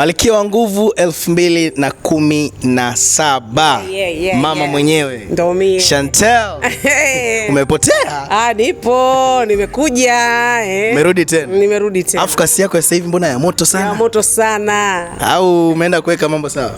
Malkia wa Nguvu elfu mbili na kumi na saba. yeah, yeah, mama yeah. mwenyewe ndo mimi Chantel. Umepotea? Ah, nipo nimekuja eh. Merudi tena? Nimerudi tena. Afu kasi yako ya sasa hivi mbona ya moto sana? Ya moto sana. Au umeenda kuweka mambo sawa?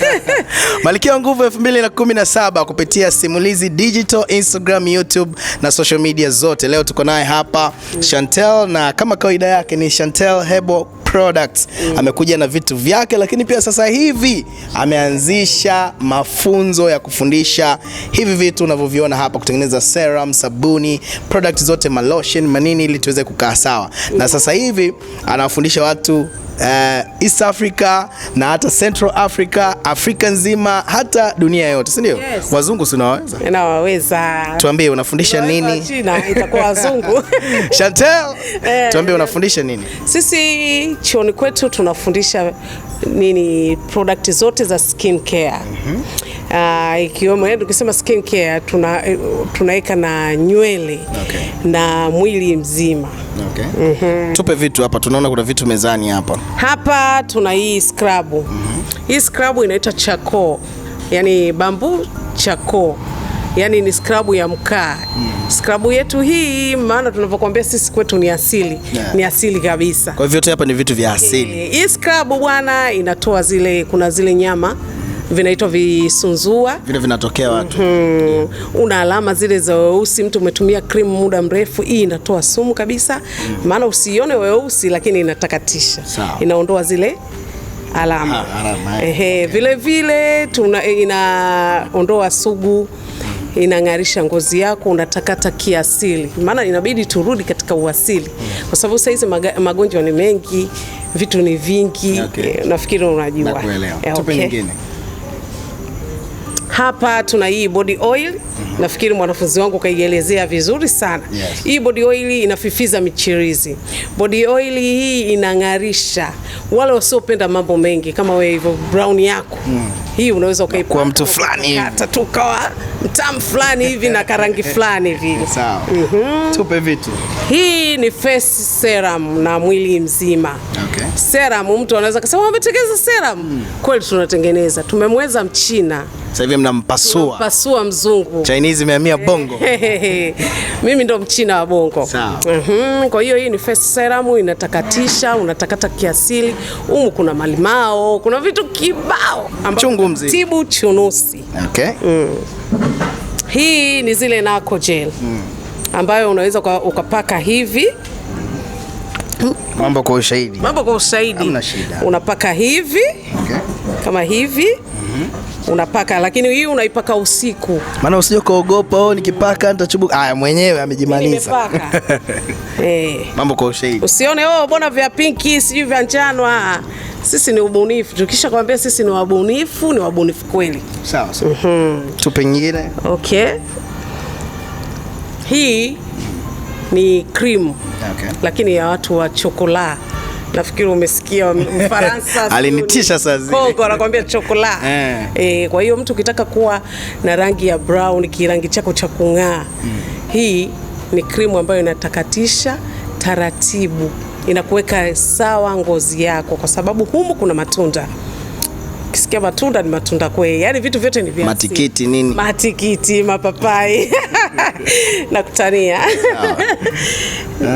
Malkia wa Nguvu elfu mbili na kumi na saba kupitia Simulizi Digital, Instagram, YouTube na social media zote. Leo tuko naye hapa mm. Chantel na kama kawaida yake ni Chantel Hebo products mm. Amekuja na vitu vyake, lakini pia sasa hivi ameanzisha mafunzo ya kufundisha hivi vitu unavyoviona hapa, kutengeneza serum, sabuni, products zote, malotion, manini, ili tuweze kukaa sawa mm. Na sasa hivi anawafundisha watu uh, East Africa na hata Central Africa, Afrika nzima, hata dunia yote, si ndio? Yes. Wazungu si unawaweza? Nawaweza. Tuambie unafundisha nini? China itakuwa wazungu. Chantel, eh. tuambie unafundisha nini? Sisi chuoni kwetu tunafundisha nini, product zote za skin care. Mm -hmm uh, ikiwemo yani tukisema skin care tuna tunaweka na nywele okay. na mwili mzima okay. mm -hmm. Tupe vitu hapa, tunaona kuna vitu mezani hapa. Hapa tuna hii scrub mm -hmm. hii scrub inaitwa chako, yani bambu chako yani ni scrub ya mkaa mm. scrub yetu hii, maana tunavyokuambia sisi kwetu ni asili yeah. Ni asili kabisa. Kwa hivyo vyote hapa ni vitu vya eh, asili. Hii scrub bwana inatoa zile, kuna zile nyama vinaitwa visunzua vile vinatokea watu. mm -hmm. Una alama zile za weusi, mtu umetumia cream muda mrefu, hii inatoa sumu kabisa. mm -hmm. Maana usione weusi, lakini inatakatisha. Sao. Inaondoa zile alama, ah, eh. Ehe, okay. Vile vile tuna inaondoa sugu inang'arisha ngozi yako, unatakata kiasili. Maana inabidi turudi katika uasili, mm. kwa sababu saa hizi magonjwa ni mengi, vitu ni vingi. Okay. E, nafikiri unajua. Nakuelewa. E, okay. Tupe nyingine. Hapa tuna hii body oil mm -hmm. Nafikiri mwanafunzi wangu kaielezea vizuri sana yes. Hii body oil inafifiza michirizi. Body oil hii inang'arisha wale wasiopenda mambo mengi kama wewe hivyo brown yako mm. Hii unaweza ukaipaka kwa mtu fulani hata tukawa mtamu fulani hivi na karangi fulani hivi sawa. mm -hmm. Tupe vitu. Hii ni face serum na mwili mzima okay. Serum mtu anaweza kusema wametengeza serum mm. Kweli tunatengeneza, tumemweza Mchina, sasa hivi mnampasua pasua mzungu, Chinese imehamia eh, bongo mimi ndo Mchina wa bongo sawa. mm -hmm. Kwa hiyo hii ni face serum, inatakatisha, unatakata kiasili. Humu kuna malimao, kuna vitu kibao ambavyo tibu chunusi okay. mm. Hii ni zile nako gel mm. ambayo unaweza ukapaka hivi Hmm? Mambo kwa ushahidi. Mambo kwa ushahidi. Hamna shida. Unapaka hivi okay. Kama hivi mm -hmm. Unapaka lakini hii unaipaka usiku, maana usije kuogopa, oh, nikipaka nitachubuka. Aya, mwenyewe amejimaliza hey. Eh. Mambo kwa ushahidi, usione oh, mbona vya pinki sijui vya njano. Ah, ah. Sisi ni ubunifu, tukisha kwambia sisi ni wabunifu, ni wabunifu kweli. Sawa sawa. Mhm. okay, hii ni cream okay. Lakini ya watu wa chokola nafikiri umesikia Mfaransa alinitisha sasa Kongo anakuambia chokola eh. E, kwa hiyo mtu ukitaka kuwa na rangi ya brown kirangi chako cha kung'aa mm. Hii ni cream ambayo inatakatisha taratibu, inakuweka sawa ngozi yako, kwa sababu humu kuna matunda Kisikia matunda ni matunda kweli, yaani vitu vyote ni vya matikiti nini, matikiti, mapapai nakutania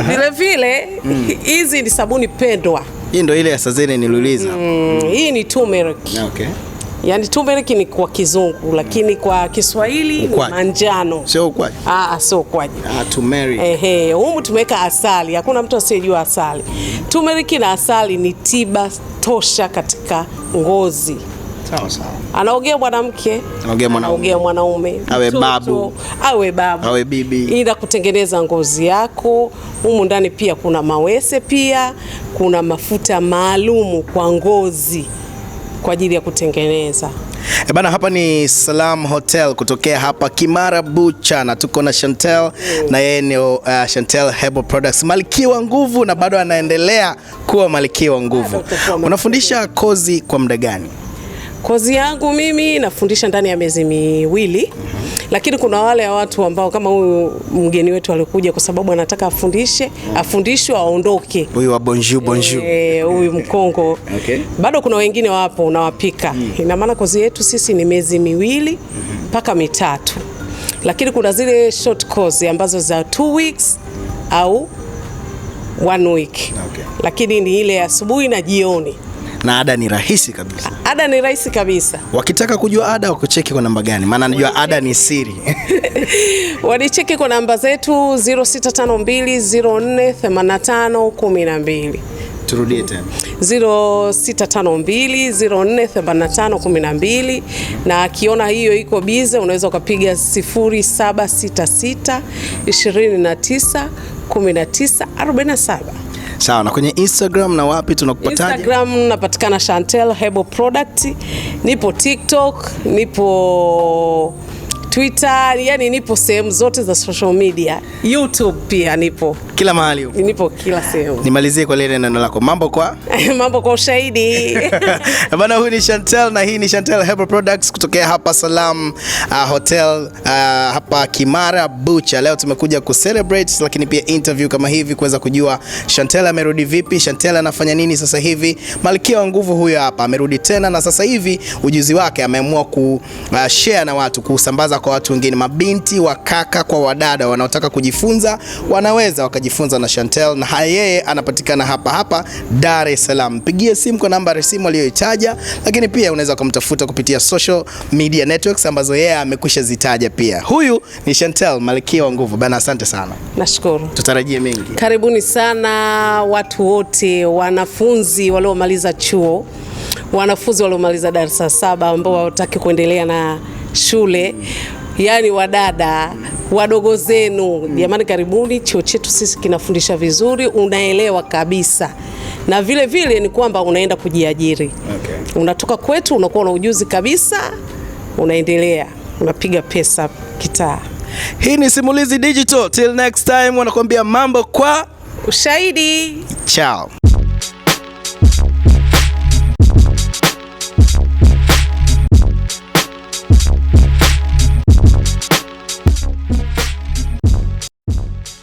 vilevile mm. hizi ni sabuni pendwa. Hii ndo ile ya Sazene niliuliza. mm, hii ni turmeric. Okay. Yaani turmeric ni kwa kizungu lakini kwa Kiswahili ni manjano. Sio ukwaji. Ah, ah, sio ukwaji. Ah, turmeric. Ehe, humu tumeweka asali. Hakuna mtu asiyejua asali. Turmeric na asali ni tiba tosha katika ngozi sawa sawa. Anaogea mwanamke, anaogea mwanaume, awe babu, awe babu, awe bibi, ila kutengeneza ngozi yako. Humu ndani pia kuna mawese, pia kuna mafuta maalumu kwa ngozi kwa ajili ya kutengeneza. E bana, hapa ni Salam Hotel kutokea hapa Kimara Bucha na tuko na Chantel mm. na yeye ni uh, Chantel Herbal Products malkia wa nguvu na bado anaendelea kuwa malkia wa nguvu. Unafundisha kozi kwa muda gani? Kozi yangu mimi nafundisha ndani ya miezi miwili, lakini kuna wale watu ambao kama huyu mgeni wetu alikuja kwa sababu anataka afundishe, afundishwe aondoke. Huyu wa bonjour bonjour. E, huyu Mkongo. Okay. Bado kuna wengine wapo unawapika. Hmm. Ina maana kozi yetu sisi ni miezi miwili mpaka mitatu. Lakini kuna zile short course ambazo za two weeks au one week. Okay. Lakini ni ile asubuhi na jioni na ada ni rahisi kabisa. Ada ni rahisi kabisa. Wakitaka kujua ada wakucheki kwa namba gani? Maana najua ada ni siri. Walicheki kwa namba zetu 0652048512. Turudie tena 0652048512, na akiona hiyo iko bize, unaweza ukapiga 0766291947 Sawa, na kwenye Instagram na wapi tunakupataje? Instagram napatikana Chantel Hebo Product, nipo TikTok, nipo Twitter, yani nipo sehemu zote za social media. YouTube pia nipo kila mahali huko. Nipo kila sehemu. Nimalizie kwa lile neno lako. Mambo kwa? Mambo kwa ushahidi. Bana, huyu ni Chantel na hii ni Chantel Herbal Products kutokea hapa Salam uh, Hotel uh, hapa Kimara Bucha. Leo tumekuja ku celebrate lakini pia interview kama hivi kuweza kujua Chantel amerudi vipi, Chantel anafanya nini sasa hivi. Malkia wa nguvu huyo hapa amerudi tena na sasa hivi ujuzi wake ameamua ku uh, share na watu, kusambaza kwa watu wengine, mabinti, wakaka kwa wadada wanaotaka kujifunza, wanaweza wakaji kujifunza na Chantel, na yeye anapatikana hapa hapa Dar es Salaam. Pigie simu kwa namba ya simu aliyoitaja, lakini pia unaweza kumtafuta kupitia social media networks ambazo yeye amekwisha zitaja. Pia huyu ni Chantel, malkia wa nguvu bana. Asante sana, nashukuru, tutarajie mengi. Karibuni sana watu wote, wanafunzi waliomaliza chuo, wanafunzi waliomaliza darasa saba ambao wataki kuendelea na shule, yani wadada wadogo zenu jamani, mm. Karibuni, chuo chetu sisi kinafundisha vizuri, unaelewa kabisa, na vile vile ni kwamba unaenda kujiajiri. Okay. Unatoka kwetu unakuwa na ujuzi kabisa, unaendelea unapiga pesa kitaa. Hii ni Simulizi Digital. Till next time, wanakuambia mambo kwa ushahidi. Chao.